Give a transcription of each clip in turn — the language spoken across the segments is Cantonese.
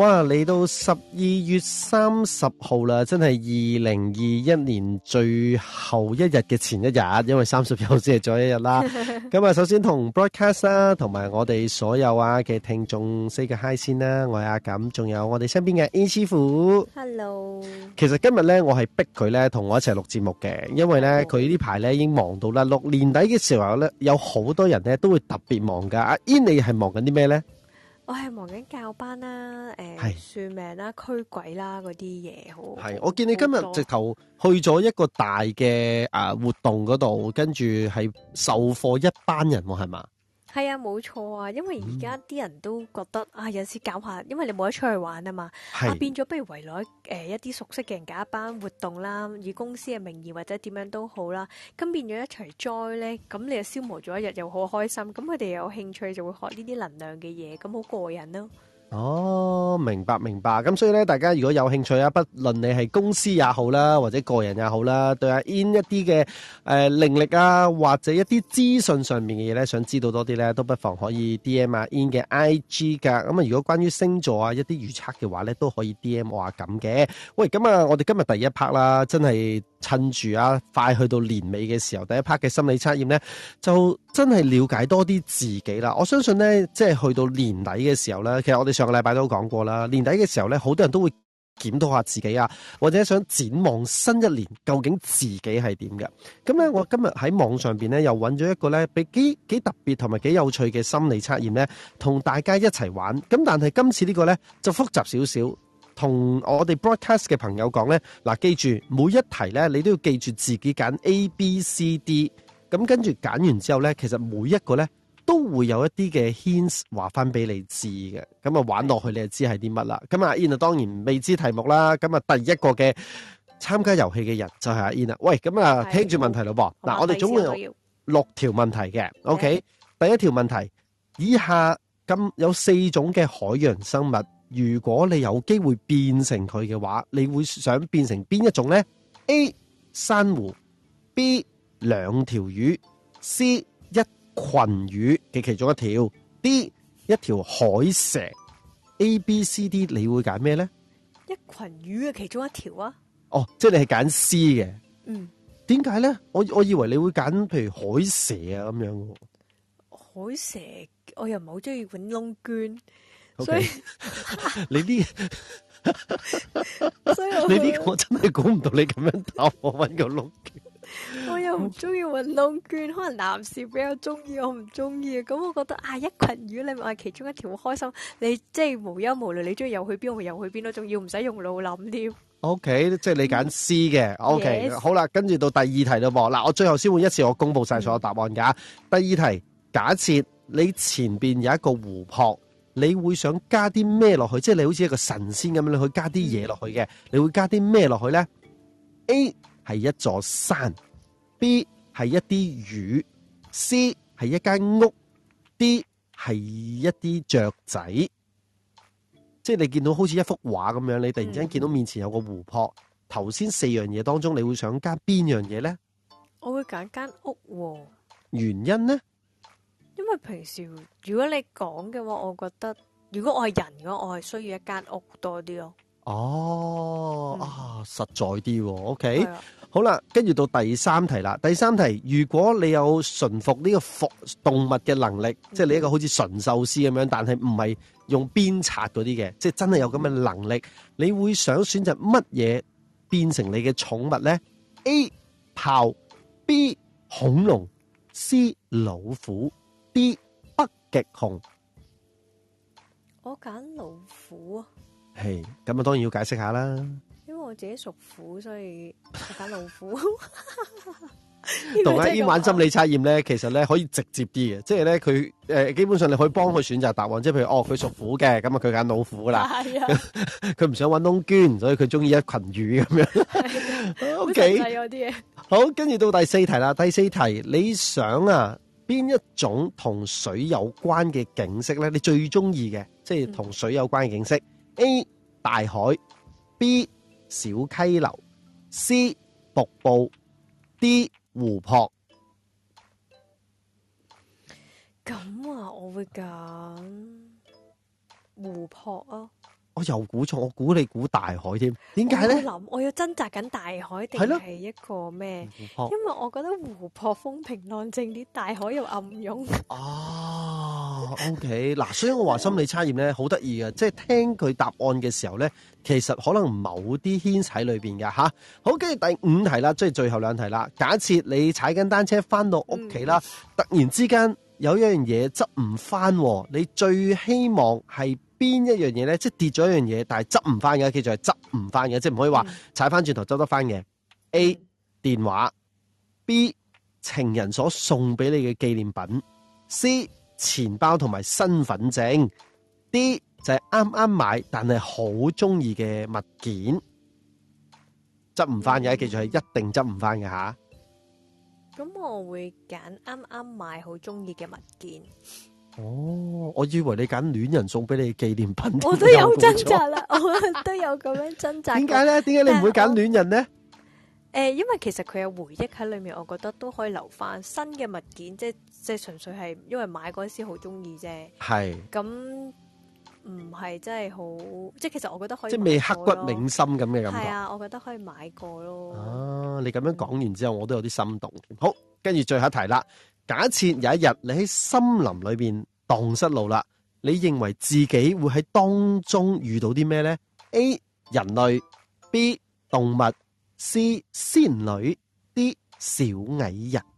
哇！嚟到十二月三十號啦，真係二零二一年最後一日嘅前一日，因為三十一號先係最後一日啦。咁啊， 首先同 broadcast 啦，同埋我哋所有啊嘅聽眾 say 個 hi 先啦。我係阿錦，仲有我哋身邊嘅 Ian 師傅。Hello。其實今日呢，我係逼佢呢同我一齊錄節目嘅，因為呢，佢 Hello. 呢排呢已經忙到啦。六年底嘅時候呢，有好多人呢都會特別忙噶。阿 Ian，你係忙緊啲咩呢？我係忙緊教班啦、啊，誒、呃、係算命啦、啊、驅鬼啦嗰啲嘢好。我見你今日多直頭去咗一個大嘅、呃、活動嗰度，跟住係授課一班人喎、啊，係嘛？係啊，冇錯啊，因為而家啲人都覺得、嗯、啊，有時搞下，因為你冇得出去玩啊嘛，是啊變咗不如圍內、呃、一啲熟悉嘅人搞一班活動啦，以公司嘅名義或者點樣都好啦，咁變咗一齊 join 呢，咁你又消磨咗一日又好開心，咁佢哋有興趣就會學呢啲能量嘅嘢，咁好過癮咯。哦，明白明白，咁所以咧，大家如果有興趣啊，不論你係公司也好啦，或者個人也好啦，對阿 Ian 一啲嘅誒靈力啊，或者一啲資訊上面嘅嘢咧，想知道多啲咧，都不妨可以 D M 啊 Ian 嘅 I G 噶。咁啊，如果關於星座啊一啲預測嘅話咧，都可以 D M 我阿咁嘅。喂，咁啊，我哋今日第一 part 啦，真係趁住啊快去到年尾嘅時候，第一 part 嘅心理測驗咧就。真係了解多啲自己啦！我相信呢，即係去到年底嘅時候呢，其實我哋上個禮拜都講過啦。年底嘅時候呢，好多人都會檢討下自己啊，或者想展望新一年究竟自己係點嘅。咁呢，我今日喺網上邊呢，又揾咗一個呢，比幾幾特別同埋幾有趣嘅心理測驗呢，同大家一齊玩。咁但係今次呢個呢，就複雜少少，同我哋 broadcast 嘅朋友講呢，嗱，記住每一題呢，你都要記住自己揀 A、B、C、D。咁跟住揀完之後咧，其實每一個咧都會有一啲嘅 hints 話翻俾你知嘅，咁啊玩落去你就知係啲乜啦。咁啊，Ian 當然未知題目啦。咁啊，第一個嘅參加遊戲嘅人就係阿 Ian 啦。喂，咁啊聽住問題咯噃。嗱，我哋總共有六條問題嘅。吧 OK，第一條問題：以下咁有四種嘅海洋生物，如果你有機會變成佢嘅話，你會想變成邊一種咧？A 珊瑚，B 兩條魚，C 一群魚嘅其中一條，D 一條海蛇，A、B、C、D 你會揀咩咧？一群魚嘅其中一條啊！哦，即係你係揀 C 嘅。嗯，點解咧？我我以為你會揀譬如海蛇啊咁樣嘅。海蛇，我又唔係好中意搵窿絹，所以你啲，所以，你啲我真係估唔到你咁樣答我搵個窿。 我又唔中意運動券，可能男士比較中意，我唔中意。咁我覺得啊，一群魚，你咪係其中一條，好開心。你即係無憂無慮，你中意游去邊咪游去邊咯，仲要唔使用腦諗添。O、okay, K，即係你揀 C 嘅。O K，好啦，跟住到第二題了啦。嗱，我最後先會一次，我公布晒所有答案噶。嗯、第二題，假設你前邊有一個湖泊，你會想加啲咩落去？即係你好似一個神仙咁樣，你去加啲嘢落去嘅。你會加啲咩落去咧？A。係一座山，B 係一啲魚，C 係一間屋，D 係一啲雀仔，即係你見到好似一幅畫咁樣。你突然之間見到面前有個湖泊，頭先、嗯、四樣嘢當中，你會想加邊樣嘢咧？我會揀間屋。哦，原因呢？因為平時如果你講嘅話，我覺得如果我係人嘅話，我係需要一間屋多啲咯。哦，嗯、啊，實在啲、哦、，OK。好啦，跟住到第三題啦。第三題，如果你有馴服呢個馴動物嘅能力，即係你一個好似馴獸師咁樣，但係唔係用鞭策嗰啲嘅，即係真係有咁嘅能力，你會想選擇乜嘢變成你嘅寵物咧？A. 豹，B. 恐龍，C. 老虎，D. 北極熊。我揀老虎啊。係，咁啊當然要解釋下啦。我自己屬虎，所以揀老虎。 的同阿英玩心理測驗咧，其實咧可以直接啲嘅，即係咧佢誒，基本上你可以幫佢選擇答案，即係譬如哦，佢屬虎嘅，咁啊佢揀老虎啦。佢唔、哎、呀 想揾窿捐，所以佢中意一群魚咁樣。的 o Okay K， 好，跟住到第四題啦。第四題，你想啊邊一種同水有關嘅景色咧？你最中意嘅，即係同水有關嘅景色。嗯、A 大海，B。小溪流，C 瀑布，D 湖泊。咁啊，我會揀湖泊啊！我又估錯，我估你估大海添？點解咧？我諗我要掙扎緊大海定係一個咩？的因為我覺得湖泊風平浪靜啲，大海又暗湧。哦、啊。O K 嗱，okay, 所以我話心理測驗咧，好得意嘅，即係聽佢答案嘅時候咧，其實可能某啲牽使喺裏邊嘅吓。好，跟住第五題啦，即係最後兩題啦。假設你踩緊單車翻到屋企啦，嗯、突然之間有一樣嘢執唔翻，你最希望係邊一樣嘢咧？即係跌咗一樣嘢，但係執唔翻嘅，其實係執唔翻嘅，即係唔可以話踩翻轉頭執得翻嘅。嗯、A 電話，B 情人所送俾你嘅紀念品，C。錢包同埋身份證，啲就係啱啱買但係好中意嘅物件，執唔翻嘅，記住係一定執唔翻嘅吓。咁、嗯啊、我會揀啱啱買好中意嘅物件。哦，我以為你揀戀人送俾你嘅紀念品。我都有掙扎啦， 我都有咁樣掙扎。點解咧？點解你唔會揀戀人呢？誒、呃，因為其實佢有回憶喺裏面，我覺得都可以留翻新嘅物件，即係。即係純粹係因為買嗰時好中意啫，係咁唔係真係好，即係其實我覺得可以即係未刻骨銘心咁嘅感覺。係啊，我覺得可以買過咯。啊，你咁樣講完之後，我都有啲心動。好，跟住最後一題啦。假設有一日你喺森林裏邊蕩失路啦，你認為自己會喺當中遇到啲咩咧？A. 人類，B. 動物，C. 仙女，D. 小矮人。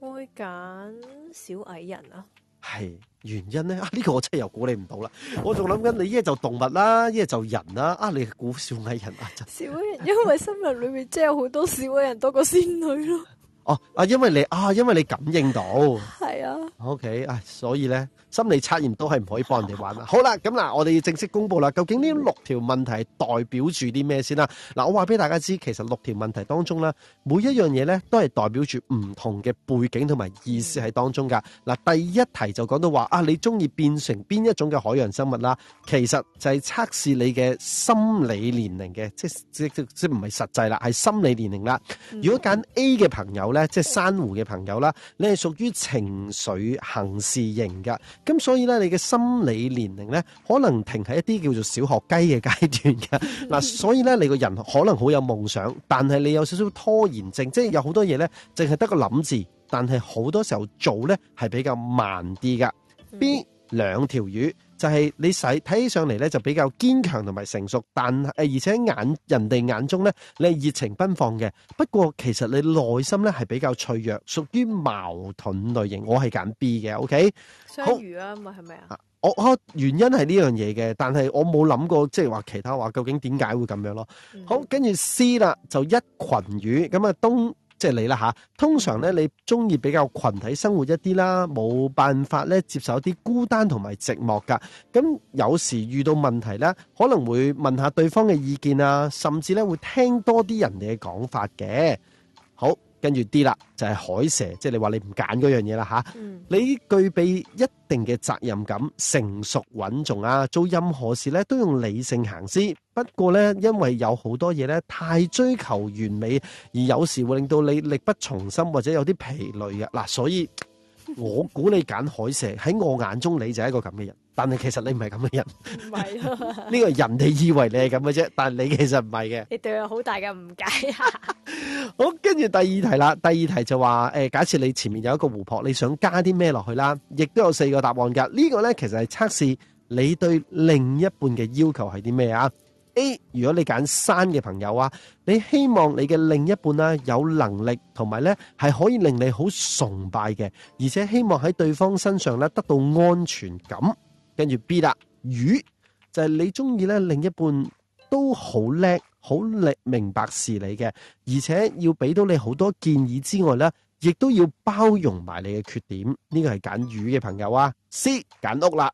會揀小矮人啊？係原因咧？呢個我真係又估你唔到啦！我仲諗緊你一係就動物啦，一係就人啦。啊，你估小矮人啊？小矮人，因為森林裡面真係有好多小矮人多過仙女咯。哦啊，啊，因為你啊，因為你感應到係是啊，OK 啊，所以咧心理測驗都係唔可以幫人哋玩啦。 好啦，咁嗱，我哋要正式公布啦。究竟呢六條問題係代表住啲咩先啦，啊？嗱，啊，我話俾大家知，其實六條問題當中咧，每一樣嘢咧都係代表住唔同嘅背景同埋意思喺當中噶。嗱，啊，第一題就講到話啊，你中意變成邊一種嘅海洋生物啦，啊？其實就係測試你嘅心理年齡嘅，即即即唔係實際啦，係心理年齡啦。如果揀 A 嘅朋友。咧即係珊瑚嘅朋友啦，你係屬於情緒行事型㗎，咁所以咧你嘅心理年齡咧可能停喺一啲叫做小學雞嘅階段嘅，嗱，所以咧你個人可能好有夢想，但係你有少少拖延症，即係有好多嘢咧淨係得個諗字，但係好多時候做咧係比較慢啲噶。B 兩條魚就係、是、你使睇起上嚟，咧就比較堅強同埋成熟，但係誒而且眼人哋眼中咧你係熱情奔放嘅，不過其實你內心咧係比較脆弱，屬於矛盾類型。我係揀 B 嘅，OK？雙魚啊，咪係咪啊？是是我我原因係呢樣嘢嘅，但係我冇諗過即係話其他話究竟點解會咁樣咯。好，跟住 C 啦，就一群魚咁啊東。即係你啦嚇，通常咧你中意比較群體生活一啲啦，冇辦法咧接受一啲孤單同埋寂寞噶。咁有時遇到問題咧，可能會問下對方嘅意見啊，甚至咧會聽多啲人哋嘅講法嘅。跟住啲啦，就係海蛇，即係你話你唔揀嗰樣嘢啦吓。嗯、你具備一定嘅責任感、成熟穩重啊，做任何事咧都用理性行先，不過咧，因為有好多嘢咧太追求完美，而有時會令到你力不從心或者有啲疲累嘅嗱。所以我估你揀海蛇喺我眼中你就係一個咁嘅人。但係其實你唔係咁嘅人，唔係咯？呢個人哋以為你係咁嘅啫，但係你其實唔係嘅。你對我好大嘅誤解啊！好，跟住第二題啦。第二題就話，誒，假設你前面有一個湖泊，你想加啲咩落去啦？亦都有四個答案噶。呢個咧其實係測試你對另一半嘅要求係啲咩啊？A，如果你揀山嘅朋友啊，你希望你嘅另一半啊，有能力同埋咧係可以令你好崇拜嘅，而且希望喺對方身上咧得到安全感。跟住 B 啦，魚就係、是、你中意咧，另一半都好叻，好叻明白事理嘅，而且要俾到你好多建議之外咧，亦都要包容埋你嘅缺點。呢個係揀魚嘅朋友啊。C 揀屋啦，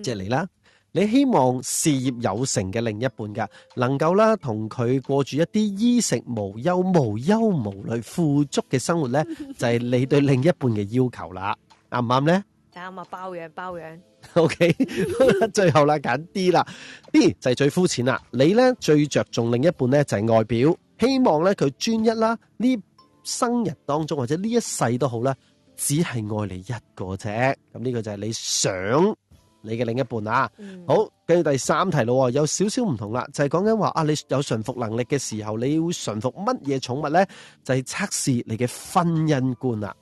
即係你啦，你希望事業有成嘅另一半㗎，能夠啦同佢過住一啲衣食無憂、無憂無慮、富足嘅生活咧，就係你對另一半嘅要求啦。啱唔啱咧？啱啊，包養包養。O K， 最後啦，揀 D 啦，B 就係最膚淺啦。你咧最着重另一半咧就係外表，希望咧佢專一啦。呢生日當中或者呢一世都好啦，只係愛你一個啫。咁呢個就係你想你嘅另一半啊。嗯、好，跟住第三題咯，有少少唔同啦，就係講緊話啊，你有馴服能力嘅時候，你會馴服乜嘢寵物咧？就係、是、測試你嘅婚姻觀啦。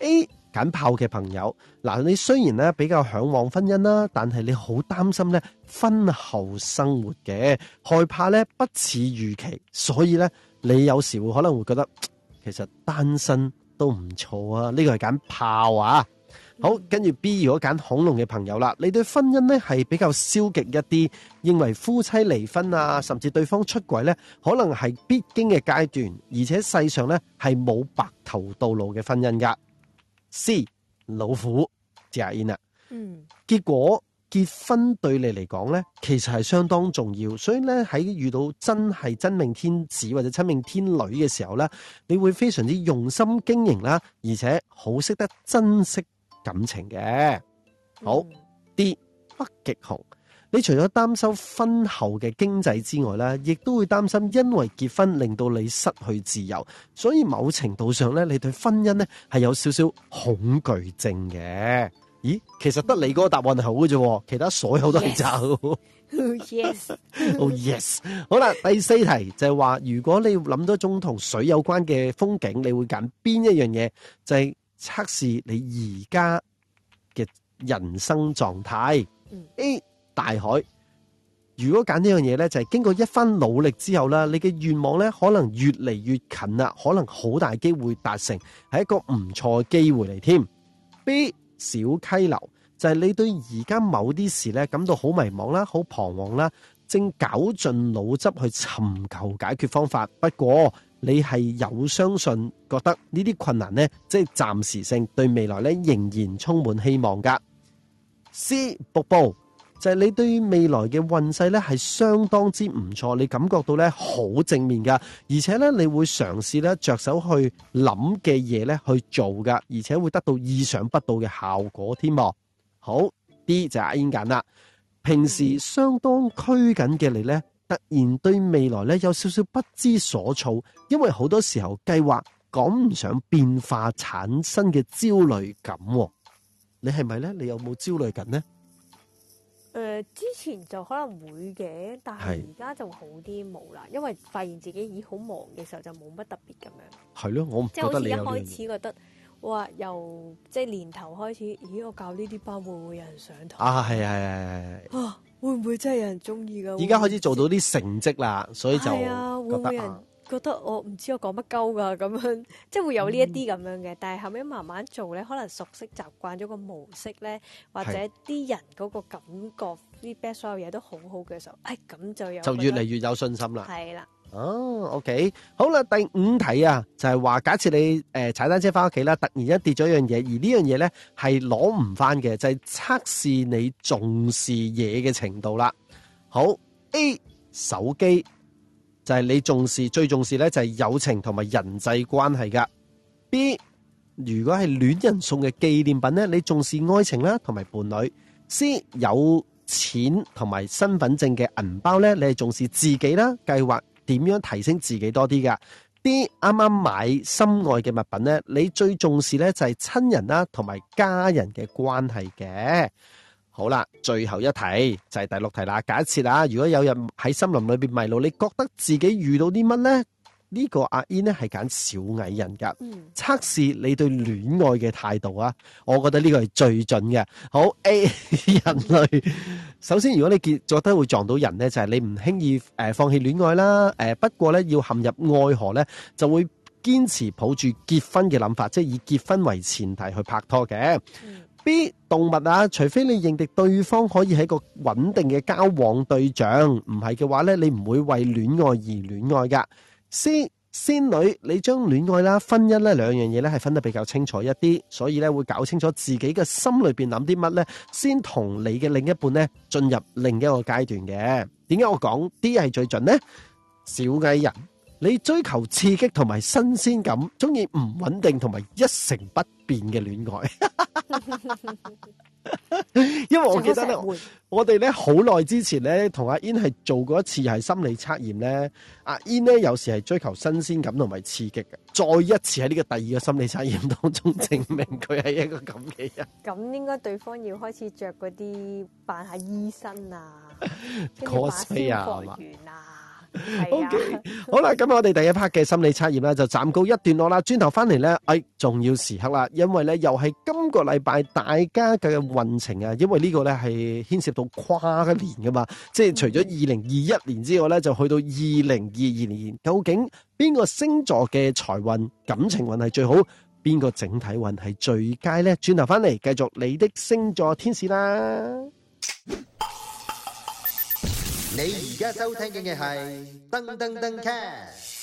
A 揀炮嘅朋友，嗱，你雖然咧比較向往婚姻啦，但係你好擔心咧婚後生活嘅，害怕咧不似預期，所以咧你有時會可能會覺得其實單身都唔錯啊。呢個係揀豹啊。好，跟住 B 如果揀恐龍嘅朋友啦，你對婚姻咧係比較消極一啲，認為夫妻離婚啊，甚至對方出軌咧，可能係必經嘅階段，而且世上咧係冇白頭到老嘅婚姻㗎。c 老虎，接下嚟啦，嗯，結果結婚對你嚟講咧，其實係相當重要，所以咧喺遇到真係真命天子或者真命天女嘅時候咧，你會非常之用心經營啦，而且好識得珍惜感情嘅，好，D 北極熊。你除咗擔心婚後嘅經濟之外咧，亦都會擔心因為結婚令到你失去自由，所以某程度上咧，你對婚姻咧係有少少恐懼症嘅。咦？其實得你嗰個答案係好嘅啫，其他所有都係渣。Yes. Oh yes！Oh yes！好啦，第四題就係話，如果你諗到種同水有關嘅風景，你會揀邊一樣嘢？就係、是、測試你而家嘅人生狀態。A, 大海，如果揀呢樣嘢呢就係、是、經過一番努力之後呢，你嘅願望呢可能越嚟越近啦，可能好大機會達成，係一個唔錯嘅機會嚟添。B 小溪流就係、是、你對而家某啲事呢感到好迷茫啦，好彷徨啦，正絞盡腦汁去尋求解決方法。不過你係有相信，覺得呢啲困難呢，即係暫時性，對未來呢仍然充滿希望噶。C 瀑布。就係你對未來嘅運勢咧，係相當之唔錯，你感覺到咧好正面噶，而且咧你會嘗試咧着手去諗嘅嘢咧去做噶，而且會得到意想不到嘅效果添。好啲就阿英緊啦，平時相當拘謹嘅你咧，突然對未來咧有少少不知所措，因為好多時候計劃趕唔上變化，產生嘅焦慮感。你係咪咧？你有冇焦慮緊呢？誒、呃、之前就可能會嘅，但係而家就好啲冇啦，的因為發現自己咦好忙嘅時候就冇乜特別咁樣。係咯，我即係好似一開始覺得哇，由即係年頭開始，咦我教呢啲班會唔會有人上堂？啊？係係係係啊！會唔會真係有人中意噶？而家開始做到啲成績啦，的所以就覺得會覺得我唔知我講乜鳩噶咁樣，即係會有呢一啲咁樣嘅。但係後尾慢慢做咧，可能熟悉習慣咗個模式咧，或者啲人嗰個感覺，啲 best 所有嘢都好好嘅時候，誒咁就有就越嚟，越有信心啦。係啦，哦，OK，好啦，第五題啊，就係話假設你誒踩單車翻屋企啦，突然間跌咗一樣嘢，而呢樣嘢咧係攞唔翻嘅，就係測試你重視嘢嘅程度啦。好，A 手機。就係你重視最重視咧就係友情同埋人際關係噶。B 如果係戀人送嘅紀念品咧，你重視愛情啦同埋伴侶。C 有錢同埋身份證嘅銀包咧，你係重視自己啦，計劃點樣提升自己多啲噶。D 啱啱買心愛嘅物品咧，你最重視咧就係親人啦同埋家人嘅關係嘅。好啦，最後一題就係、是、第六題啦。假設啦，如果有人喺森林裏邊迷路，你覺得自己遇到啲乜呢？這個、呢個阿 Ian 呢係揀小矮人噶。測試你對戀愛嘅態度啊，我覺得呢個係最準嘅。好 A 人類，首先如果你結覺得會撞到人呢，就係、是、你唔輕易誒放棄戀愛啦。誒，不過呢，要陷入愛河呢，就會堅持抱住結婚嘅諗法，即、就、係、是、以結婚為前提去拍拖嘅。B 動物啊，除非你認定對方可以係個穩定嘅交往對象，唔係嘅話咧，你唔會為戀愛而戀愛嘅。C 仙女，你將戀愛啦、婚姻呢兩樣嘢咧係分得比較清楚一啲，所以咧會搞清楚自己嘅心裏邊諗啲乜咧，先同你嘅另一半咧進入另一個階段嘅。點解我講 D 係最準呢？小矮人。你追求刺激同埋新鮮感，中意唔穩定同埋一成不變嘅戀愛， 因為我記得咧， 我哋咧好耐之前咧同阿 Ian 係做過一次係心理測驗咧，阿 Ian 咧有時係追求新鮮感同埋刺激嘅，再一次喺呢個第二個心理測驗當中證明佢係一個咁嘅人。咁 應該對方要開始着嗰啲扮一下醫生啊，跟住扮消防員啊。 是啊、o、okay. K，好啦，咁我哋第一 part 嘅心理測驗咧就暫告一段落啦。轉頭翻嚟呢，哎，重要時刻啦，因為呢又係今個禮拜大家嘅運程啊，因為呢個呢係牽涉到跨年噶嘛，即係除咗二零二一年之外呢，就去到二零二二年，究竟邊個星座嘅財運、感情運係最好，邊個整體運係最佳呢？轉頭翻嚟，繼續你的星座天使啦。你而家收聽嘅係噔噔噔 cat。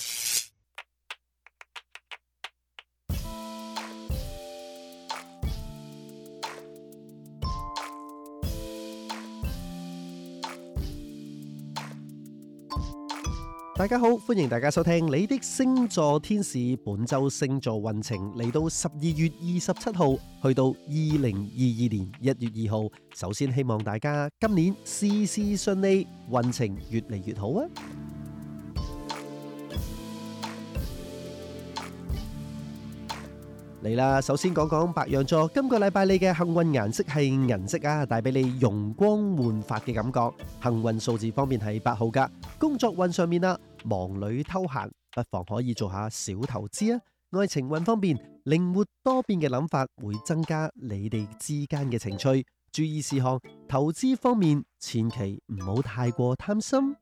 大家好，歡迎大家收聽你的星座天使本周星座運程，嚟到十二月二十七號，去到二零二二年一月二號。首先希望大家今年事事順利，運程越嚟越好啊！嚟啦，首先講講白羊座，今個禮拜你嘅幸運顏色係銀色啊，帶俾你容光煥發嘅感覺。幸運數字方面係八號噶，工作運上面啦。忙裏偷閒，不妨可以做下小投資啊！愛情運方面，靈活多變嘅諗法會增加你哋之間嘅情趣。注意事項：投資方面千祈唔好太過貪心。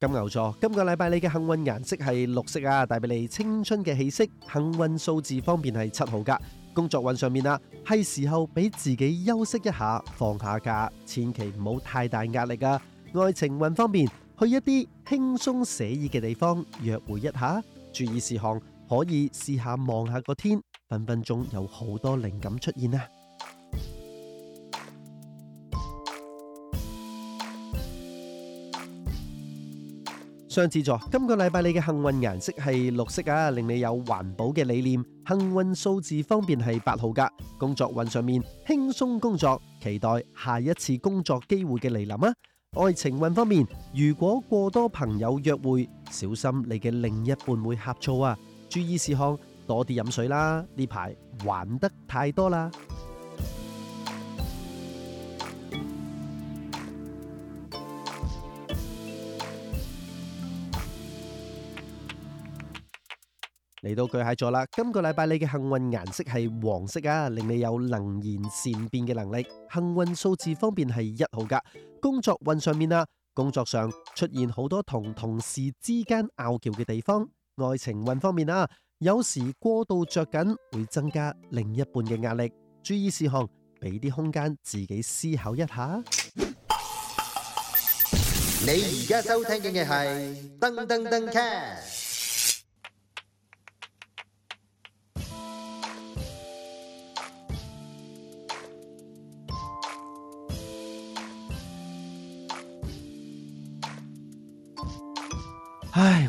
金牛座，今個禮拜你嘅幸運顏色係綠色啊，帶俾你青春嘅氣息。幸運數字方面係七號噶。工作運上面啊，係時候俾自己休息一下，放下假，千祈唔好太大壓力啊。愛情運方面，去一啲輕鬆寫意嘅地方約會一下。注意事項，可以試下望下個天，分分鐘有好多靈感出現啊！雙子座，今個禮拜你嘅幸運顏色係綠色啊，令你有環保嘅理念。幸運數字方面係八號噶，工作運上面輕鬆工作，期待下一次工作機會嘅來臨啊。愛情運方面，如果過多朋友約會，小心你嘅另一半會呷醋啊！注意事項，多啲飲水啦，呢排玩得太多啦。嚟到巨蟹座啦，今個禮拜你嘅幸運顏色係黃色啊，令你有能言善辯嘅能力。幸運數字方面係一號噶。工作運上面啊，工作上出現好多同同事之間拗撬嘅地方。愛情運方面啊，有時過度着緊會增加另一半嘅壓力，注意事項，俾啲空間自己思考一下。你而家收聽嘅係噔噔噔 c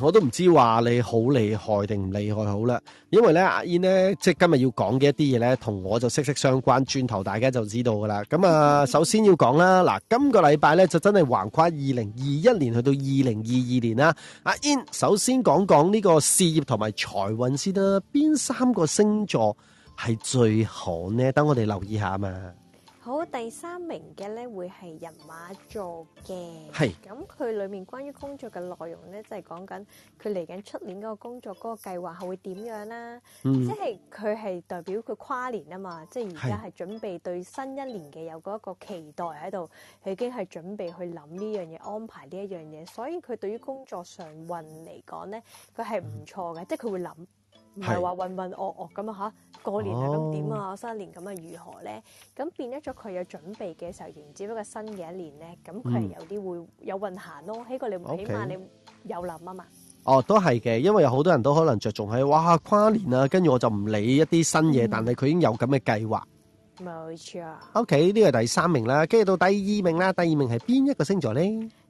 我都唔知話你好厲害定唔厲害好啦，因為呢，阿燕呢，即係今日要講嘅一啲嘢呢，同我就息息相關。轉頭大家就知道噶啦。咁啊，首先要講啦，嗱，今個禮拜呢，就真係橫跨二零二一年去到二零二二年啦。阿燕首先講講呢個事業同埋財運先啦，邊三個星座係最好呢？等我哋留意下嘛。好，第三名嘅咧會係人馬座嘅，咁佢是裏面關於工作嘅內容咧，即係講緊佢嚟緊出年嗰個工作嗰個計劃係會點樣啦，啊，嗯、即係佢係代表佢跨年啊嘛，即係而家係準備對新一年嘅有嗰一個期待喺度，是佢已經係準備去諗呢樣嘢安排呢一樣嘢，所以佢對於工作上運嚟講咧，佢係唔錯嘅，嗯，即係佢會諗。唔係話渾渾噩噩咁啊嚇！過年係咁點啊，新年咁啊如何咧？咁變咗咗佢有準備嘅時候，迎接一個新嘅一年咧，咁佢係有啲會有運行咯。喺個你起碼你有諗啊嘛。哦，都係嘅，因為有好多人都可能著重喺哇跨年啦，跟住我就唔理一啲新嘢，但係佢已經有咁嘅計劃。冇錯。O K，呢個係第三名啦，跟住到第二名啦，第二名係邊一個星座咧？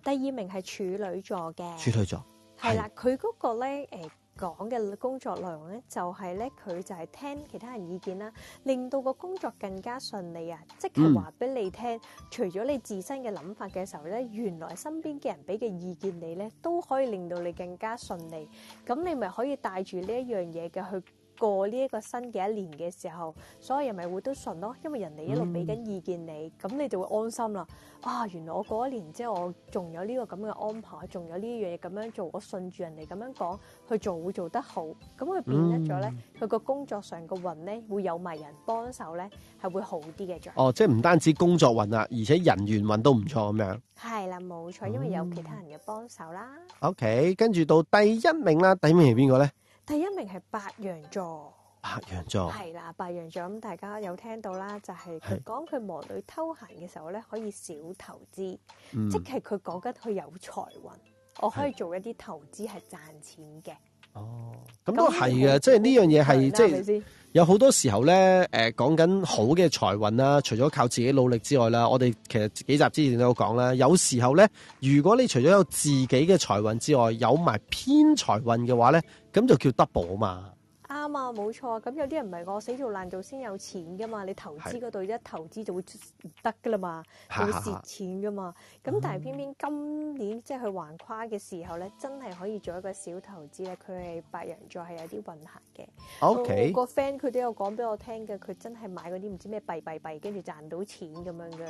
第二名係處女座嘅。處女座。係啦，佢嗰個咧誒。講嘅工作內容咧，就係咧佢就係聽其他人意見啦，令到個工作更加順利啊！即係話俾你聽，除咗你自身嘅諗法嘅時候咧，原來身邊嘅人俾嘅意見你咧，都可以令到你更加順利。咁你咪可以帶住呢一樣嘢嘅去過呢一個新嘅一年嘅時候，所有人咪會都順咯，因為人哋一路俾緊意見你，咁你就會安心啦。哇，原來我過一年之後我仲有呢個咁嘅安排，仲有呢樣嘢咁樣做，我信住人哋咁樣講去做會做得好，咁佢變得咗咧，佢個工作上嘅運咧會有埋人幫手咧，係會好啲嘅咋。哦，即係唔單止工作運啊，而且人員運都唔錯咁樣。係啦，冇錯，因為有其他人嘅幫手啦。OK，跟住到第一名啦，第一名係邊個咧？第一名係白羊座，白羊座係啦，白羊座咁大家有聽到啦，就係佢講佢磨女偷閒嘅時候咧，可以少投資，是的即係佢講緊佢有財運，的我可以做一啲投資係賺錢嘅。哦，咁麼都係是嘅，即係呢樣嘢係即係。的有好多時候咧，誒講緊好嘅財運啦，除咗靠自己努力之外啦，我哋其實幾集之前都有講啦，有時候咧，如果你除咗有自己嘅財運之外，有埋偏財運嘅話咧，咁就叫 double 啊嘛。啊！冇錯，咁有啲人唔係我死做爛做先有錢噶嘛？你投資嗰度的一投資就會唔得噶啦嘛，就的會蝕錢噶嘛。咁的但係偏偏今年即係、就是、去橫跨嘅時候咧，嗯、真係可以做一個小投資咧。佢係白羊座係有啲混行嘅。O Okay K。個 friend 佢都有講俾我聽嘅，佢真係買嗰啲唔知咩幣幣幣，跟住賺到錢咁樣嘅。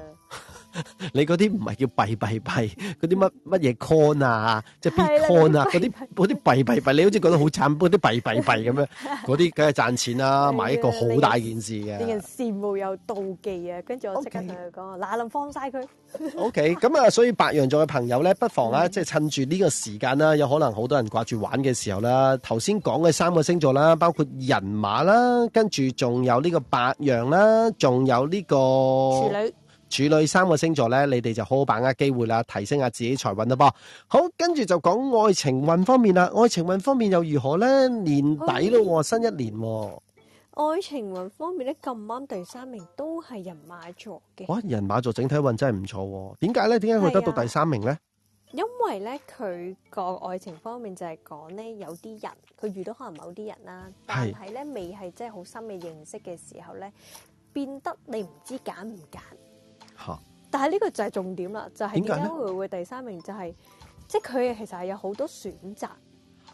你嗰啲唔係叫幣幣幣，嗰啲乜乜嘢 coin 啊，即係 bitcoin 啊，嗰啲嗰啲幣幣幣，你好似覺得好慘，嗰啲幣幣幣咁樣。 嗰啲梗係賺錢啦，嗯、買一個好大件事嘅，令人羨慕又妒忌啊！跟住我即刻同佢講，嗱 Okay.，諗放晒佢。O K，咁啊，所以白羊座嘅朋友咧，不妨啦、嗯、即係趁住呢個時間啦，有可能好多人掛住玩嘅時候啦，頭先講嘅三個星座啦，包括人馬啦，跟住仲有呢個白羊啦，仲有呢、這個處女。處女三個星座咧，你哋就好好把握機會啦，提升下自己財運咯噃。好，跟住就講愛情運方面啦。愛情運方面又如何咧？年底咯，可以，新一年，哦。愛情運方面咧，咁啱第三名都係人馬座嘅。哇，哦，人馬座整體運真係唔錯。點解咧？點解佢得到第三名咧？因為咧，佢個愛情方面就係講咧，有啲人，佢遇到可能某啲人啦，但係咧未係即係好深嘅認識嘅時候咧，變得你唔知揀唔揀。但係呢個就係重點啦，就係點解會會第三名，就係？就係即係佢其實係有好多選擇，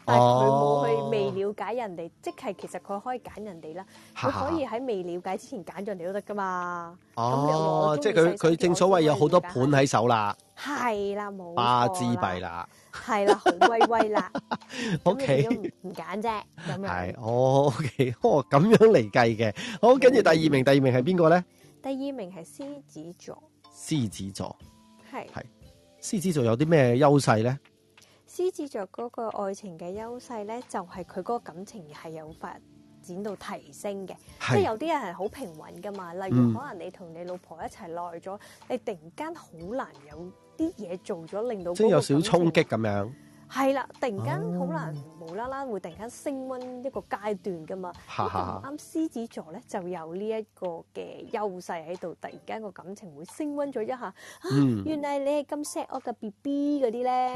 但係佢冇去未了解人哋，哦、即係其實佢可以揀人哋啦。佢可以喺未了解之前揀人哋都得噶嘛。哦，即係佢佢正所謂有好多盤喺手啦。係啦，冇巴之閉啦。係啦，好威威啦。O K，唔揀啫。係，O K，哦，咁樣嚟計嘅。好，跟住第二名， 第二名係邊個咧？第二名係獅子座，獅子座係係獅子座有啲咩優勢呢？獅子座嗰個愛情嘅優勢呢，就係佢嗰個感情係有發展到提升嘅，即係是有啲人係好平穩噶嘛。例如可能你同你老婆一齊耐咗，嗯、你突然間好難有啲嘢，做咗，令到即有少衝擊咁樣。係啦，突然間好難、哦、無啦啦會突然間升溫一個階段噶嘛？啱哈獅子座咧就有呢一個嘅優勢喺度，突然間個感情會升溫咗一下。原來你係咁錫我嘅 B B 嗰啲咧，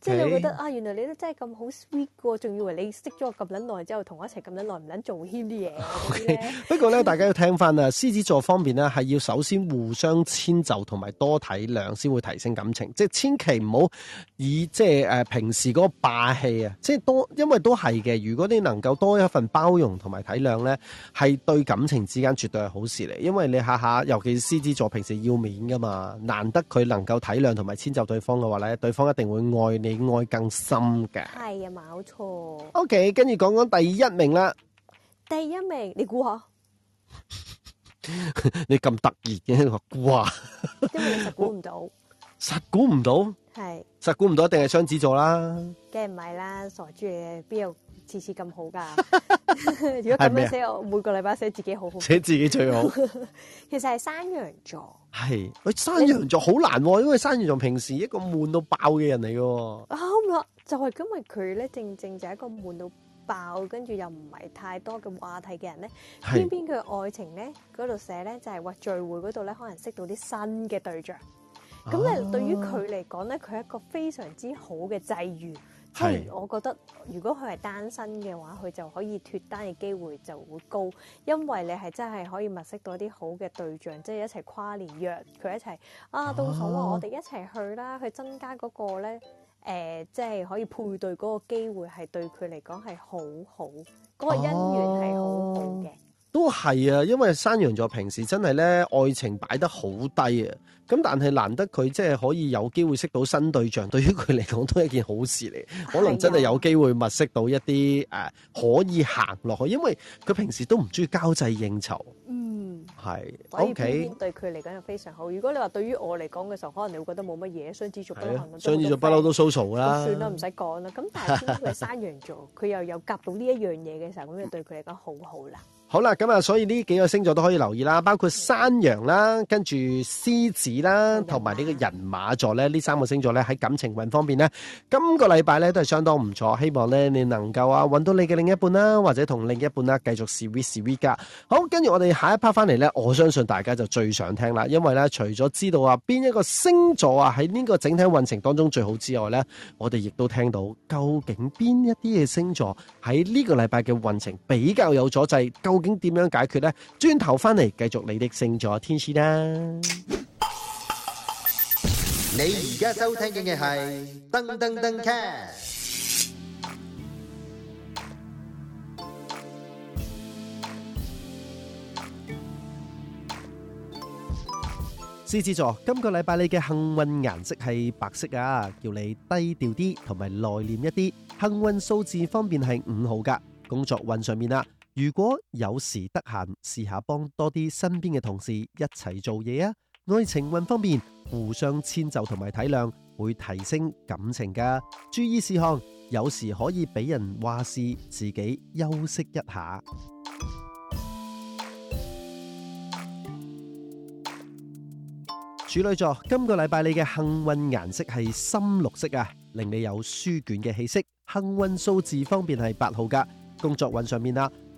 即係你覺得啊，原來你都、哦 okay，啊、真係咁好 sweet 嘅，仲以為你識咗我咁撚耐之後，同我一齊咁撚耐唔撚做添啲嘢。OK，呢不過咧，大家要聽翻啦， 獅子座方面咧係要首先互相遷就同埋多體諒，先會提升感情。即係千祈唔好以即係誒。呃平時嗰個霸氣啊，即係多，因為都係嘅。如果你能夠多一份包容同埋體諒咧，係對感情之間絕對係好事嚟。因為你下下，尤其獅子座平時要面噶嘛，難得佢能夠體諒同埋遷就對方嘅話咧，對方一定會愛你愛更深嘅。係啊，冇錯。OK，跟住講講第一名啦。第一名，你估下？你咁突然嘅話，哇！因為有時估唔到，實估唔到。係，實估唔到一定係雙子座啦。梗係唔係啦，傻豬嘢，邊度次次咁好噶？如果咁樣寫，我每個禮拜寫自己好好。寫自己最好。其實係山羊座。係，喂，山羊座好難，因為山羊座平時一個悶到爆嘅人嚟嘅。啱啦，就係因為佢咧，正正就係一個悶到爆，跟住又唔係太多嘅話題嘅人咧，偏偏佢愛情咧嗰度寫咧，就係話聚會嗰度咧，可能識到啲新嘅對象。咁咧，對於佢嚟講咧，佢、啊、係一個非常之好嘅際遇。即係是我覺得，如果佢係單身嘅話，佢就可以脫單嘅機會就會高，因為你係真係可以物識到一啲好嘅對象，即、就、係、是、一齊跨年約佢一齊。啊，都好啊！我哋一齊去啦，去增加嗰、那個咧，即、呃、係、就是、可以配對嗰個機會，係對佢嚟講係好好，嗰、那個姻緣係好好嘅。啊都係啊，因為山羊座平時真係咧愛情擺得好低啊，咁但係難得佢即係可以有機會識到新對象，對於佢嚟講都係一件好事嚟，啊、可能真係有機會物色到一啲、啊、可以行落去，因為佢平時都唔中意交際應酬，嗯，係 OK 是對佢嚟講又非常好。如果你話對於我嚟講嘅時候，可能你會覺得冇乜嘢，雙子座都雙子座、啊、不嬲都 so 啦。都算啦，唔使講啦。咁 但係因為山羊座，佢又有夾到呢一樣嘢嘅時候，咁就對佢嚟講好好啦。好啦，咁啊，所以呢幾個星座都可以留意啦，包括山羊啦，跟住獅子啦，同埋呢個人馬座咧，呢三個星座咧喺感情運方面呢，今個禮拜咧都係相當唔錯，希望咧你能夠啊揾到你嘅另一半啦，或者同另一半啦繼續 sweet sweet 噶。好，跟住我哋下一 part 翻嚟呢，我相信大家就最想聽啦，因為咧除咗知道啊邊一個星座啊喺呢個整體運程當中最好之外呢，我哋亦都聽到究竟邊一啲嘅星座喺呢個禮拜嘅運程比較有阻滯，究應點樣解決咧？轉頭翻嚟繼續你的星座天使啦！你而家收聽嘅係噔噔噔 cash。獅子座，今個禮拜你嘅幸運顏色係白色啊，叫你低調啲同埋內斂一啲。幸運數字方面係五號噶，工作運上面啦。如果有時得閒，試下幫多啲身邊嘅同事一齊做嘢啊！愛情運方面，互相遷就同埋體諒會提升感情噶注意事項，有時可以俾人話事，自己休息一下。處女座，今個禮拜你嘅幸運顏色係深綠色啊，令你有書卷嘅氣息。幸運數字方面係八號噶工作運上面啊。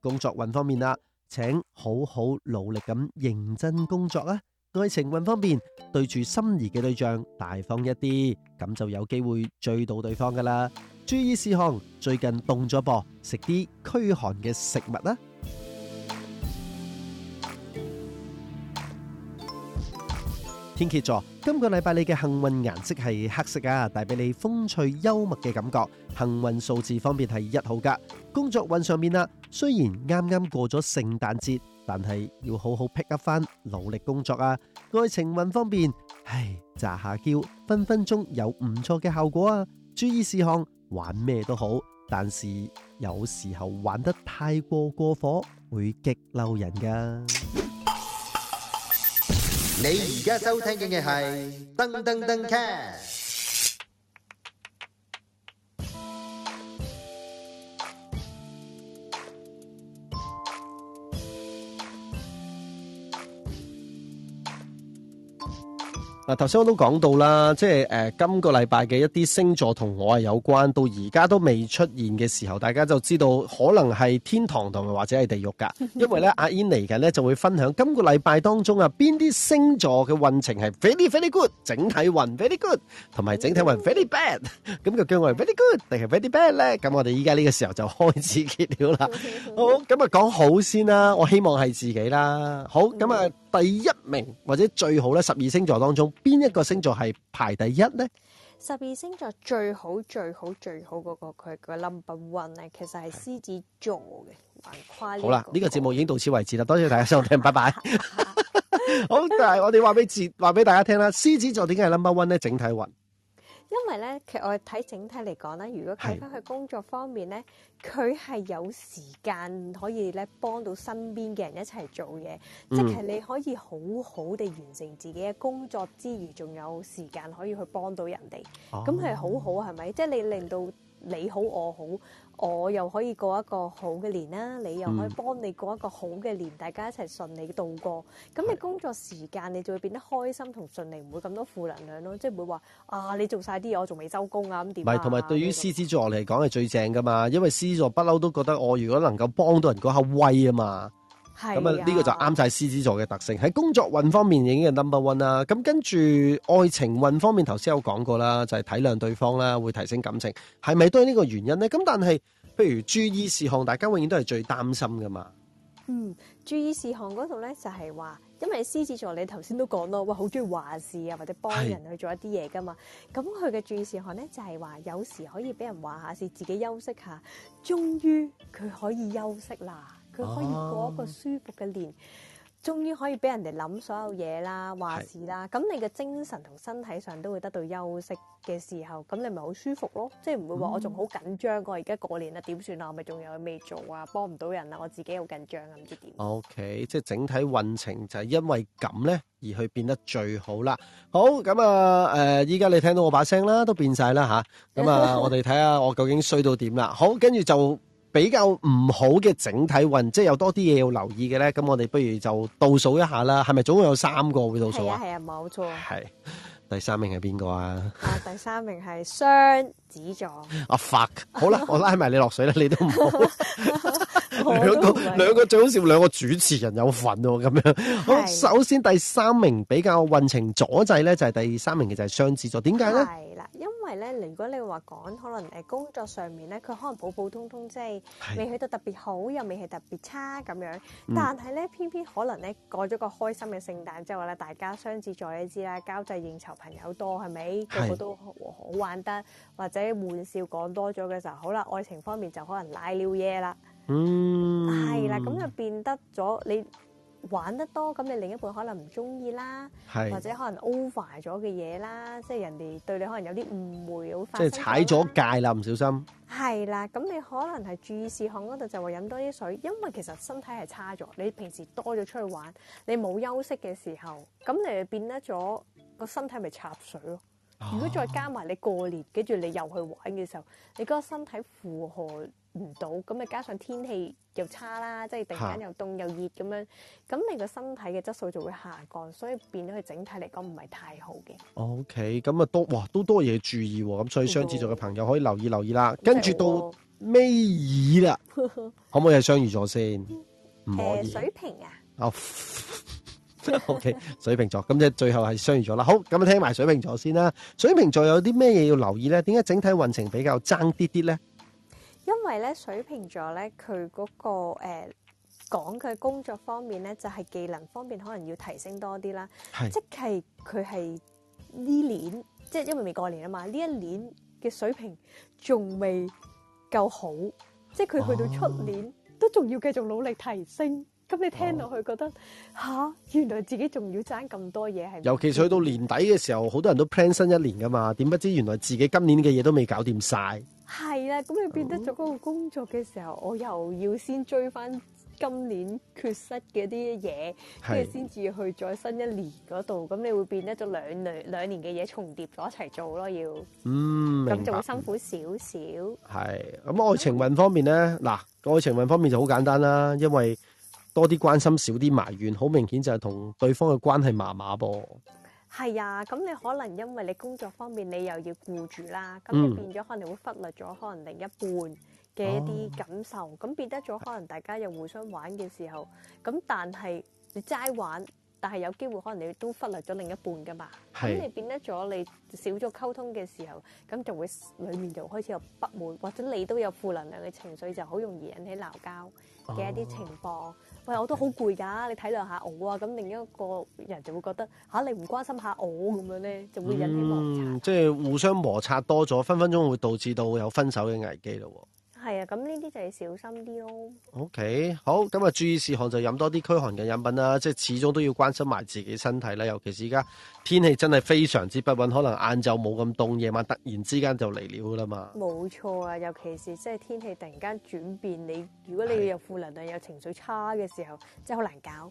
工作運方面啦，請好好努力咁認真工作吖。愛情運方面，對住心儀嘅對象大方一啲，咁就有機會追到對方噶啦。注意事項：最近凍咗噃，食啲驅寒嘅食物啦。天蠍座，今個禮拜你嘅幸運顏色係黑色啊，帶俾你風趣幽默嘅感覺。幸運數字方面係一號噶，工作運上面啦，雖然啱啱過咗聖誕節，但係要好好 pick up 返，努力工作啊。愛情運方面，唉，詐下嬌，分分鐘有唔錯嘅效果啊，注意事項，玩咩都好，但是有時候玩得太過過火，會激嬲人噶。你而家收聽嘅係噔噔噔 cat 嗱，頭先我都講到啦，即係誒、呃、今個禮拜嘅一啲星座同我係有關，到而家都未出現嘅時候，大家就知道可能係天堂同埋或者係地獄噶，因為咧 阿 Eni 嘅咧就會分享今個禮拜當中啊邊啲星座嘅運程係 very very good，整體運 very good，同埋整體運 very bad，咁 叫我係 very good 定係 very bad 咧？咁我哋依家呢個時候就開始揭料了啦。 好，咁啊講好先啦，我希望係自己啦。好，咁啊。 第一名或者最好咧，十二星座當中邊一個星座係排第一咧？十二星座最好最好最好嗰個佢個 number one 咧，其實係獅子座嘅橫跨。好啦，呢個節目已經到此為止啦，多謝大家收聽，拜拜。 好，但係我哋話俾自話俾大家聽啦，獅子座點解係 number one 咧？整體運。因為咧，其實我睇整體嚟講咧，如果睇翻佢工作方面咧，佢係的有時間可以咧幫到身邊嘅人一齊做嘢，嗯、即係你可以好好地完成自己嘅工作之餘，仲有時間可以去幫到人哋，咁佢好好，係咪？即係你令到你好我好。我又可以過一個好嘅年啦、啊，你又可以幫你過一個好嘅年，嗯、大家一齊順利度過。咁你工作時間你就會變得開心同順利，唔會咁多負能量咯。即係唔會話啊，你做晒啲嘢，我仲未收工啊咁點啊？唔係，同埋、啊、對於獅子座嚟講係最正噶嘛，因為獅子座不嬲都覺得我如果能夠幫到人嗰下威啊嘛。咁啊，呢個就啱晒獅子座嘅特性，喺工作運方面已經係 number one 啦。咁跟住愛情運方面，頭先有講過啦，就係體諒對方啦，會提升感情，係咪都係呢個原因咧？咁但係，譬如注意事項，大家永遠都係最擔心噶嘛。嗯，注意事項嗰度咧就係話，因為獅子座你頭先都講咯，哇好中意話事啊，或者幫人去做一啲嘢噶嘛。咁佢嘅注意事項咧就係話，有時可以俾人話下事，自己休息下，終於佢可以休息啦。佢可以過一個舒服嘅年，哦、終於可以俾人哋諗所有嘢啦、話事啦。咁你嘅精神同身體上都會得到休息嘅時候，咁你咪好舒服咯。即係唔會話我仲好緊張，我而家過年啦，點算啊？我咪仲有未做啊，幫唔到人啦，我自己好緊張啊，唔知點。O、okay, K，即係整體運程就係因為咁咧，而去變得最好啦。好咁啊，誒、呃，依家你聽到我把聲啦，都變晒啦吓，咁啊， 啊，我哋睇下我究竟衰到點啦。好，跟住就。比較唔好嘅整體運，即係有多啲嘢要留意嘅咧。咁我哋不如就倒數一下啦。係咪總共有三個會倒數啊？係啊，冇錯。第三名係邊個啊？啊，第三名係雙子座。阿法，好啦，我拉埋你落水啦， 你都唔好。 兩個兩個最好笑，兩個主持人有份喎、啊，咁樣。好，是的 首先第三名比較運程阻滯咧，就係、是、第三名，嘅就係、是、雙子座，點解咧？係啦，因為咧，如果你話講，可能誒工作上面咧，佢可能普普通通、就是，即係未去到特別好，又未係特別差咁樣。嗯、但係咧，偏偏可能咧過咗個開心嘅聖誕之後咧，大家雙子座你知啦，交際應酬朋友多，係咪？個個都好玩得，或者玩笑講多咗嘅時候，好啦，愛情方面就可能瀨尿嘢啦。嗯，係啦，咁就變得咗你玩得多，咁你另一半可能唔中意啦，或者可能 over 咗嘅嘢啦，即係人哋對你可能有啲誤會，即係踩咗界啦，唔小心。係啦，咁你可能係注意事項嗰度就會飲多啲水，因為其實身體係差咗。你平時多咗出去玩，你冇休息嘅時候，咁你就變得咗個身體咪插水咯。如果再加埋你過年跟住你又去玩嘅時候，你嗰個身體負荷。唔到咁啊，加上天氣又差啦，即係突然間又凍又熱咁樣，咁你個身體嘅質素就會下降，所以變咗佢整體嚟講唔係太好嘅。OK，咁啊多哇，都多嘢注意咁，所以雙子座嘅朋友可以留意留意啦。跟住到尾二啦，可唔可以係雙魚座先？唔可以，水瓶啊。哦，OK，水瓶座，咁即係最後係雙魚座啦。好，咁啊聽埋水瓶座先啦。水瓶座有啲咩嘢要留意咧？點解整體運程比較爭啲啲咧？因為咧，水瓶座咧，佢嗰個誒講嘅工作方面咧就係、是、技能方面可能要提升多啲啦，是即係佢係呢年，即係因為未過年啊嘛，呢一年嘅水平仲未夠好，即係佢去到出年、哦、都仲要繼續努力提升。咁你聽落去覺得吓，原來自己仲要爭咁多嘢，係尤其係去到年底嘅時候，好多人都 plan 新一年噶嘛。點不知原來自己今年嘅嘢都未搞掂曬，係啦。咁你變得咗嗰個工作嘅時候，我又要先追翻今年缺失嘅啲嘢，跟住先至去再新一年嗰度。咁你會變得咗兩兩兩年嘅嘢重疊咗一齊做咯，要嗯咁仲辛苦少少。係咁，愛情運方面咧，嗱，愛情運方面就好簡單啦，因為，多啲關心，少啲埋怨，好明顯就係同對方嘅關係麻麻噃。係啊，咁你可能因為你工作方面你又要顧住啦，咁你變咗可能會忽略咗可能另一半嘅一啲感受，咁變得咗可能大家又互相玩嘅時候，咁但係你齋玩，但係有機會可能你都忽略咗另一半㗎嘛。咁你變得咗你少咗溝通嘅時候，咁就會裏面就開始有不滿，或者你都有負能量嘅情緒，就好容易引起鬧交嘅一啲情況。喂，我都好攰㗎，你體諒下我啊。咁另一個人就會覺得吓、啊、你唔關心下我咁樣咧，就會引起摩擦。嗯，即係互相摩擦多咗，分分鐘會導致到有分手嘅危機咯。咁呢啲就要小心啲咯。OK，好，咁啊，注意事項就飲多啲驅寒嘅飲品啦，即係始終都要關心埋自己身體啦。尤其是而家天氣真係非常之不穩，可能晏晝冇咁凍，夜晚突然之間就嚟了噶啦嘛。冇錯啊，尤其是即係天氣突然間轉變，你如果你有負能量、有情緒差嘅時候，真係好難搞。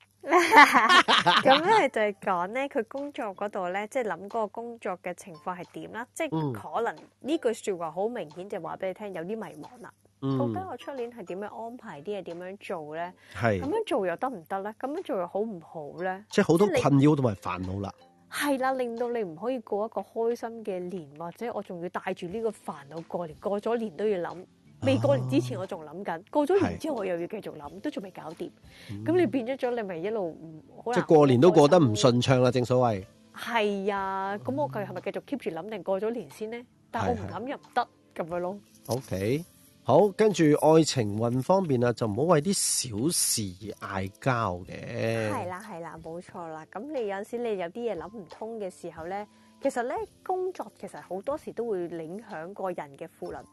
咁咧 就係講咧，佢工作嗰度咧，即係諗嗰個工作嘅情況係點啦，嗯、即係可能呢句說話好明顯，就話俾你聽，有啲迷茫啦，嗯、覺得我出年係點樣安排啲嘢，點樣做咧？係咁是樣做又得唔得咧？咁樣做又好唔好咧？即係好多困擾同埋煩惱啦。係啦，令到你唔可以過一個開心嘅年，或者我仲要帶住呢個煩惱過年，過咗年都要諗。未過年之前我仲諗緊，過咗年之後我又要繼續諗，都仲未搞掂。咁、嗯、你變咗咗，你咪一路唔好難。即係過年都過得唔順暢啦，正所謂。係啊，咁我佢係係咪繼續 keep 住諗，定過咗年先咧？但係我唔諗又唔得，咁是樣咯。O、okay, K，好，跟住愛情運方面啊，就唔好為啲小事嗌交嘅。係啦，係啦，冇錯啦。咁你有陣時你有啲嘢諗唔通嘅時候咧，其實咧工作其實好多時都會影響個人嘅負能量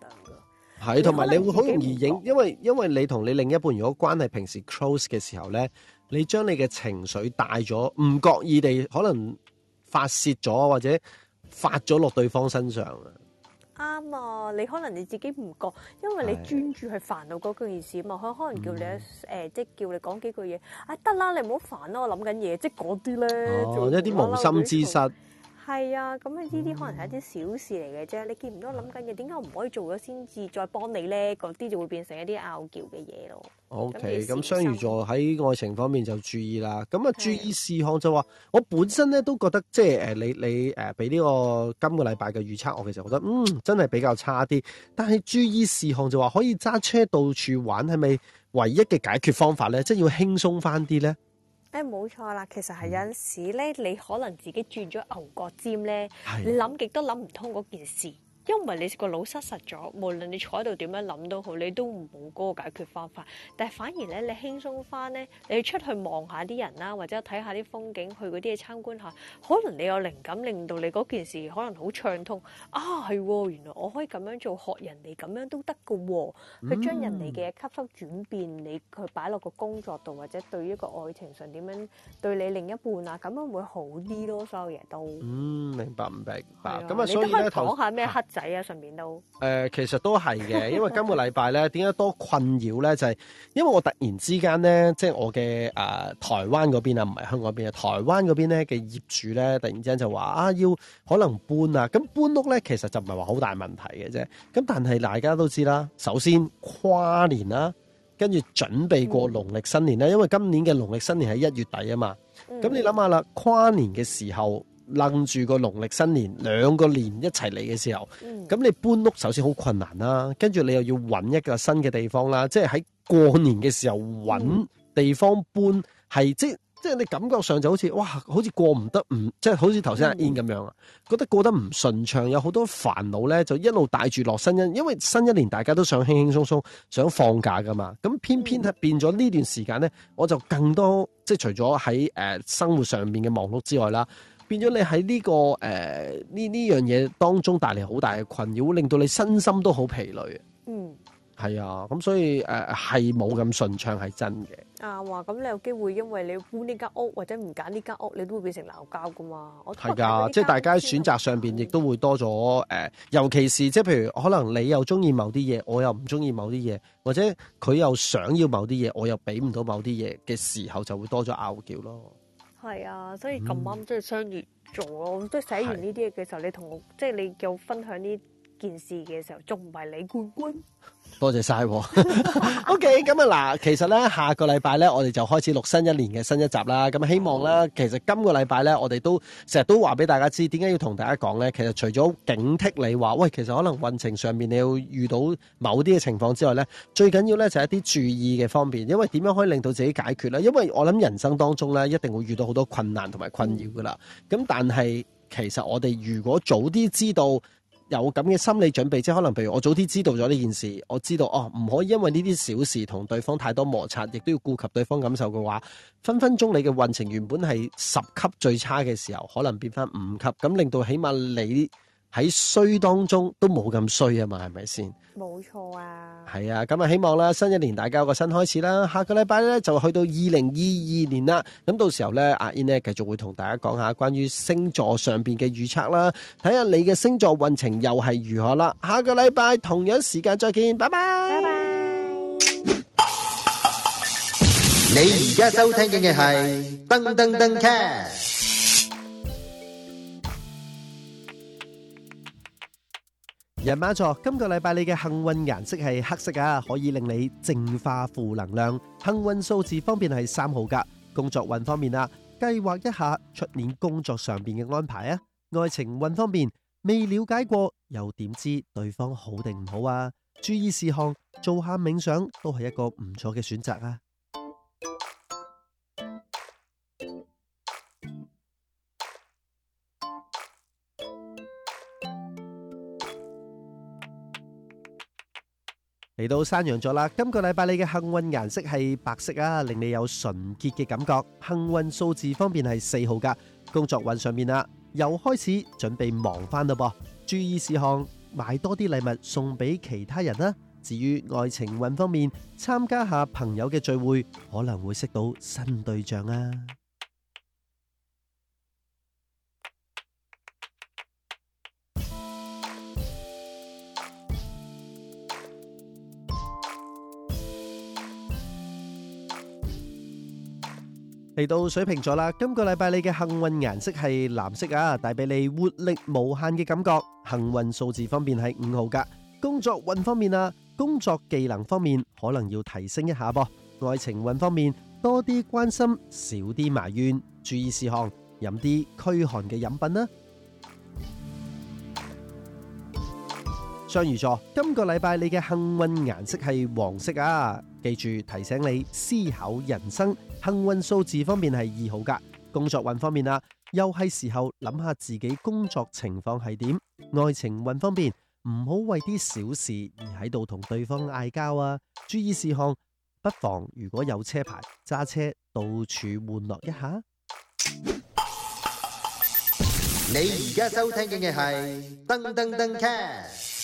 係，同埋你會好容易影，因為因為你同你另一半如果關係平時 close 嘅時候咧，你將你嘅情緒帶咗，唔覺意地可能發洩咗或者發咗落對方身上。啱啊，你可能你自己唔覺，因為你專注去煩惱嗰件事啊嘛，佢可能叫你誒，即係、嗯呃、叫你講幾句嘢，啊得啦，你唔好煩啦，我諗緊嘢，即係嗰啲咧，哦、就一啲無心之失。係啊，咁呢啲可能係一啲小事嚟嘅啫。嗯、你見唔到，諗緊嘢，點解我唔可以做咗先至再幫你咧？嗰啲就會變成一啲拗撬嘅嘢咯。OK，咁雙魚座喺愛情方面就注意啦。咁啊，注意事項就話，啊、我本身咧都覺得即係誒你你誒俾呢個今個禮拜嘅預測，我其實覺得嗯真係比較差啲。但係注意事項就話可以揸車到處玩，係咪唯一嘅解決方法咧？即係要輕鬆翻啲咧？誒冇錯啦，其實係有陣時咧，你可能自己轉咗牛角尖咧，你諗極都諗唔通嗰件事。因為你個腦失實咗，無論你坐喺度點樣諗都好，你都冇嗰個解決方法。但係反而咧，你輕鬆翻咧，你出去望下啲人啦，或者睇下啲風景，去嗰啲嘢參觀下，可能你有靈感，令到你嗰件事可能好暢通啊！係喎，原來我可以咁樣做，學人哋咁樣都得㗎喎。去將人哋嘅吸收轉變，你去擺落個工作度，或者對於一個愛情上點樣對你另一半啊，咁樣會好啲咯。所有嘢都嗯，明白，明白。咁啊，所以咧講下咩黑仔啊，順便都誒，其實都係嘅，因為今個禮拜咧，點解多困擾咧？就係因為我突然之間咧，即係我嘅誒台灣嗰邊啊，唔係香港邊啊，台灣嗰邊咧嘅業主咧，突然之間就話啊，要可能搬啊，咁搬屋咧，其實就唔係話好大問題嘅啫。咁但係大家都知啦，首先跨年啦，跟住準備過農曆新年咧，嗯、因為今年嘅農曆新年係一月底啊嘛。咁你諗下啦，跨年嘅時候。楞住個農曆新年兩個年一齊嚟嘅時候，咁你搬屋首先好困難啦，跟住你又要揾一個新嘅地方啦，即係喺過年嘅時候揾地方搬，係、嗯、即係即係你感覺上就好似哇，好似過唔得唔，即係好似頭先阿 In 咁樣啊，覺得過得唔順暢，有好多煩惱咧，就一路帶住落新一，因為新一年大家都想輕輕鬆鬆，想放假噶嘛，咁偏偏變咗呢段時間咧，我就更多即係除咗喺誒生活上面嘅忙碌之外啦。變咗你喺呢個呢呢、呃、樣嘢當中帶嚟好大嘅困擾，會令到你身心都好疲累。嗯，係啊，咁、嗯、所以誒係冇咁順暢係真嘅。啊話咁，你有機會因為你搬呢間屋或者唔揀呢間屋，你都會變成鬧交噶嘛？係㗎，即係大家選擇上面亦都會多咗、呃、尤其是即係譬如可能你又中意某啲嘢，我又唔中意某啲嘢，或者佢又想要某啲嘢，我又俾唔到某啲嘢嘅時候，就會多咗拗撬咯。係啊，所以咁啱即係商業做咗。嗯、我都寫完呢啲嘢嘅時候，是你同我即係、就是、你有分享呢？件事嘅時候仲唔係你冠軍？多謝晒。OK，咁啊嗱，其實呢，下個禮拜呢，我哋就開始錄新一年嘅新一集啦。咁希望呢，其實今個禮拜呢，我哋都成日都話俾大家知，點解要同大家講呢。其實除咗警惕你話，喂，其實可能運程上面你要遇到某啲嘅情況之外呢，最緊要呢就係一啲注意嘅方面，因為點樣可以令到自己解決呢？因為我諗人生當中呢，一定會遇到好多困難同埋困擾噶啦。咁但係，其實我哋如果早啲知道。有咁嘅心理準備，即係可能，譬如我早啲知道咗呢件事，我知道哦，唔可以因為呢啲小事同對方太多摩擦，亦都要顧及對方感受嘅話，分分鐘你嘅運程原本係十級最差嘅時候，可能變翻五級，咁令到起碼你。喺衰當中都冇咁衰啊嘛，係咪先？冇錯啊！係啊，咁啊希望啦，新一年大家有個新開始啦。下個禮拜咧，就去到二零二二年啦。咁到時候咧，阿 Ian 呢，咧繼續會同大家講下關於星座上邊嘅預測啦，睇下你嘅星座運程又係如何啦。下個禮拜同樣時間再見，拜拜。拜拜 bye。你而家收聽緊嘅係噔噔噔 cast 人馬座，今個禮拜你嘅幸運顏色係黑色啊，可以令你淨化負能量。幸運數字方面係三號㗎。工作運方面啊，計劃一下出年工作上面嘅安排啊。愛情運方面，未了解過又點知對方好定唔好啊？注意事項，做下冥想都係一個唔錯嘅選擇啊。嚟到山羊座啦，今個禮拜你嘅幸運顏色係白色啊，令你有純潔嘅感覺。幸運數字方面係四號噶，工作運上面啊，又開始準備忙翻啦噃，注意事項，買多啲禮物送俾其他人啦。至於愛情運方面，參加下朋友嘅聚會，可能會識到新對象啊。嚟到水瓶座啦，今個禮拜你嘅幸運顏色係藍色啊，帶俾你活力無限嘅感覺。幸運數字方面係五號噶，工作運方面啊，工作技能方面可能要提升一下噃。愛情運方面多啲關心，少啲埋怨，注意事項，飲啲驅寒嘅飲品啦。雙魚座，今個禮拜你嘅幸運顏色係黃色啊。記住提醒你思考人生。幸運數字方面係二號噶工作運方面啦、啊，又係時候諗下自己工作情況係點。愛情運方面唔好為啲小事而喺度同對方嗌交啊！注意事項，不妨如果有車牌揸車到處玩樂一下。你而家收聽嘅係登登登 Cast。